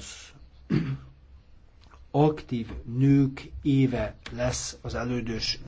az aktív nők éve lesz az elődös